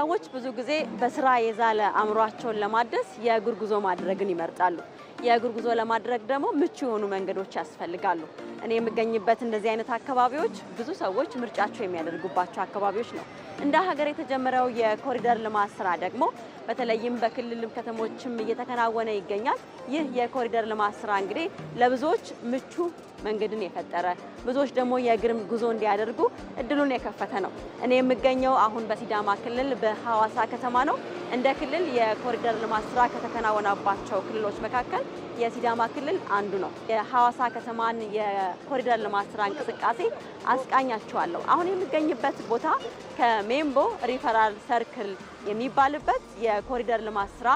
ሰዎች ብዙ ጊዜ በስራ የዛለ አእምሯቸውን ለማደስ የእግር ጉዞ ማድረግን ይመርጣሉ። የእግር ጉዞ ለማድረግ ደግሞ ምቹ የሆኑ መንገዶች ያስፈልጋሉ። እኔ የምገኝበት እንደዚህ አይነት አካባቢዎች ብዙ ሰዎች ምርጫቸው የሚያደርጉባቸው አካባቢዎች ነው። እንደ ሀገር የተጀመረው የኮሪደር ልማት ስራ ደግሞ በተለይም በክልል ከተሞችም እየተከናወነ ይገኛል። ይህ የኮሪደር ልማት ስራ እንግዲህ ለብዙዎች ምቹ መንገድን የፈጠረ ብዙዎች ደግሞ የእግር ጉዞ እንዲያደርጉ እድሉን የከፈተ ነው። እኔ የምገኘው አሁን በሲዳማ ክልል በሐዋሳ ከተማ ነው። እንደ ክልል የኮሪደር ልማት ስራ ከተከናወነባቸው ክልሎች መካከል የሲዳማ ክልል አንዱ ነው። የሐዋሳ ከተማን የኮሪደር ልማት ስራ እንቅስቃሴ አስቃኛችኋለሁ። አሁን የሚገኝበት ቦታ ከሜምቦ ሪፈራል ሰርክል የሚባልበት የኮሪደር ልማት ስራ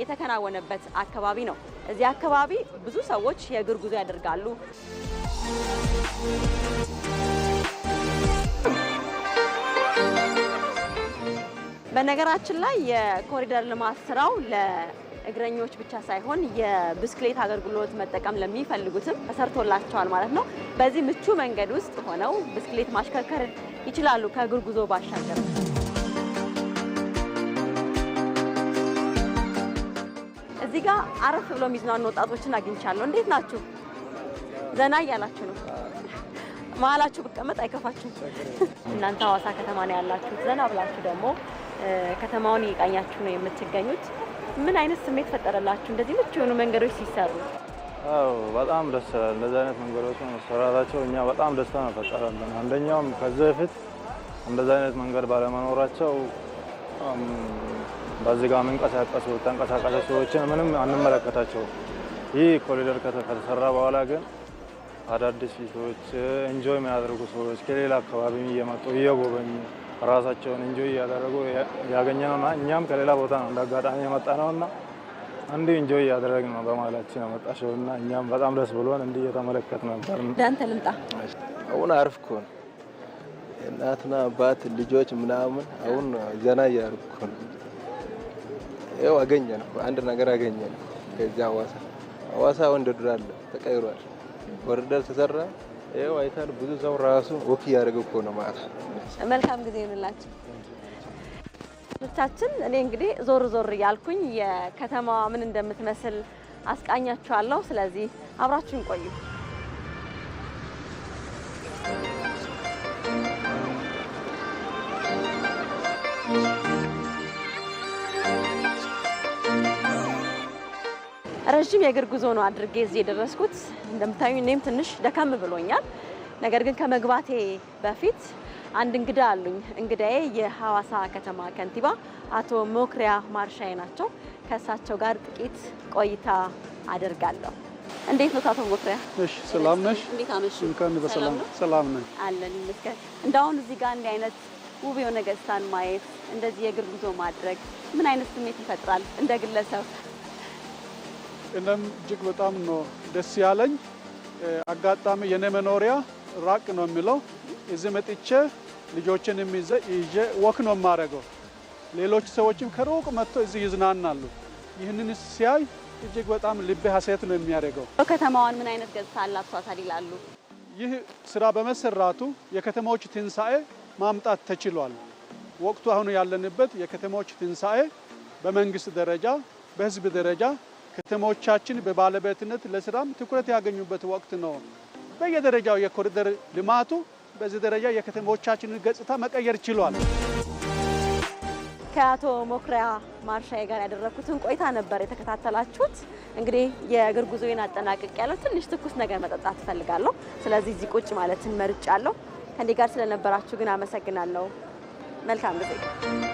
የተከናወነበት አካባቢ ነው። እዚህ አካባቢ ብዙ ሰዎች የእግር ጉዞ ያደርጋሉ። በነገራችን ላይ የኮሪደር ልማት ስራው እግረኞች ብቻ ሳይሆን የብስክሌት አገልግሎት መጠቀም ለሚፈልጉትም ተሰርቶላቸዋል ማለት ነው። በዚህ ምቹ መንገድ ውስጥ ሆነው ብስክሌት ማሽከርከር ይችላሉ ከእግር ጉዞ ባሻገር። እዚህ ጋር አረፍ ብሎ የሚዝናኑ ወጣቶችን አግኝቻለሁ። እንዴት ናችሁ? ዘና እያላችሁ ነው። መሀላችሁ ብቀመጥ አይከፋችሁም። እናንተ ሀዋሳ ከተማ ነው ያላችሁት። ዘና ብላችሁ ደግሞ ከተማውን እየቃኛችሁ ነው የምትገኙት። ምን አይነት ስሜት ፈጠረላችሁ? እንደዚህ ምቹ የሆኑ መንገዶች ሲሰሩ? አዎ በጣም ደስ ይላል። እንደዚህ አይነት መንገዶች መሰራታቸው እኛ በጣም ደስታ ነው ፈጠረልን። አንደኛውም ከዚህ በፊት እንደዚህ አይነት መንገድ ባለመኖራቸው በዚህ ጋር መንቀሳቀሱ ተንቀሳቃሽ ሰዎችን ምንም አንመለከታቸው። ይህ ኮሪደር ከተሰራ በኋላ ግን አዳዲስ ሰዎች፣ ኢንጆይ የሚያደርጉ ሰዎች ከሌላ አካባቢ እየመጡ እየጎበኙ ራሳቸውን እንጆይ እያደረጉ ያገኘነውና እኛም ከሌላ ቦታ ነው እንደ አጋጣሚ የመጣ ነውና እንዲህ እንጆይ እያደረግን ነው በማላችን ያመጣሽው እና እኛም በጣም ደስ ብሎን እንዲህ እየተመለከት ነበር። ዳንተ ልምጣ አሁን አሪፍ ነው። እናትና አባት ልጆች ምናምን አሁን ዘና እያደረኩ ነው። ይኸው አገኘ ነው አንድ ነገር አገኘ ነው። ከዚያ አዋሳ አዋሳ አሁን እንደ ድሮ አለ ተቀይሯል። ኮሪደር ተሰራ ይኸው አይተን ብዙ ሰው ራሱ ወክ እያደረገ እኮ ነው ማለት ነው። መልካም ጊዜ ይሁንላችሁ። ቻችን እኔ እንግዲህ ዞር ዞር እያልኩኝ የከተማዋ ምን እንደምትመስል አስቃኛችኋለሁ። ስለዚህ አብራችሁን ቆዩ። ረዥም የእግር ጉዞ ነው አድርጌ እዚህ የደረስኩት። እንደምታዩ እኔም ትንሽ ደከም ብሎኛል። ነገር ግን ከመግባቴ በፊት አንድ እንግዳ አሉኝ። እንግዳዬ የሐዋሳ ከተማ ከንቲባ አቶ ሞክሪያ ማርሻዬ ናቸው። ከእሳቸው ጋር ጥቂት ቆይታ አደርጋለሁ። እንዴት ነው አቶ ሞክሪያ? እሺ፣ ሰላም ነሽ? እንዴት አመሽ? እንኳን በሰላም ሰላም ነኝ አለን። ይመስገን። እንደአሁን እዚህ ጋር እንዲህ አይነት ውብ የሆነ ገጽታን ማየት፣ እንደዚህ የእግር ጉዞ ማድረግ ምን አይነት ስሜት ይፈጥራል እንደ ግለሰብ? እኔም እጅግ በጣም ነው ደስ ያለኝ። አጋጣሚ የኔ መኖሪያ ራቅ ነው የሚለው እዚህ መጥቼ ልጆችን ይዤ ወክ ነው የማደርገው። ሌሎች ሰዎችም ከሩቅ መጥተው እዚህ ይዝናናሉ። ይህንን ሲያይ እጅግ በጣም ልቤ ሀሴት ነው የሚያደርገው። ከተማዋን ምን አይነት ገጽታ አላብሷታል ይላሉ። ይህ ስራ በመሰራቱ የከተማዎች ትንሣኤ ማምጣት ተችሏል። ወቅቱ አሁን ያለንበት የከተማዎች ትንሣኤ በመንግስት ደረጃ በህዝብ ደረጃ ከተሞቻችን በባለቤትነት ለስራም ትኩረት ያገኙበት ወቅት ነው። በየደረጃው የኮሪደር ልማቱ በዚህ ደረጃ የከተሞቻችንን ገጽታ መቀየር ችሏል። ከአቶ ሞክሪያ ማርሻዬ ጋር ያደረኩትን ቆይታ ነበር የተከታተላችሁት። እንግዲህ የእግር ጉዞዬን አጠናቅቅ ያለው ትንሽ ትኩስ ነገር መጠጣት እፈልጋለሁ። ስለዚህ እዚህ ቁጭ ማለትን መርጫለሁ። ከእኔ ጋር ስለነበራችሁ ግን አመሰግናለሁ። መልካም ጊዜ